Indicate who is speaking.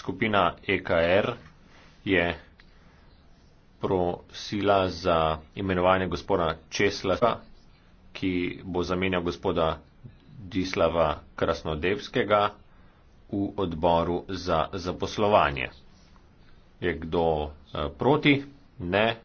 Speaker 1: skupina EKR je prosila za imenovanje gospoda Česlava, ki bo zamenjal gospoda Dislava Krasnodevskega v odboru za zaposlovanje. Je kdo
Speaker 2: eh, proti? Ne.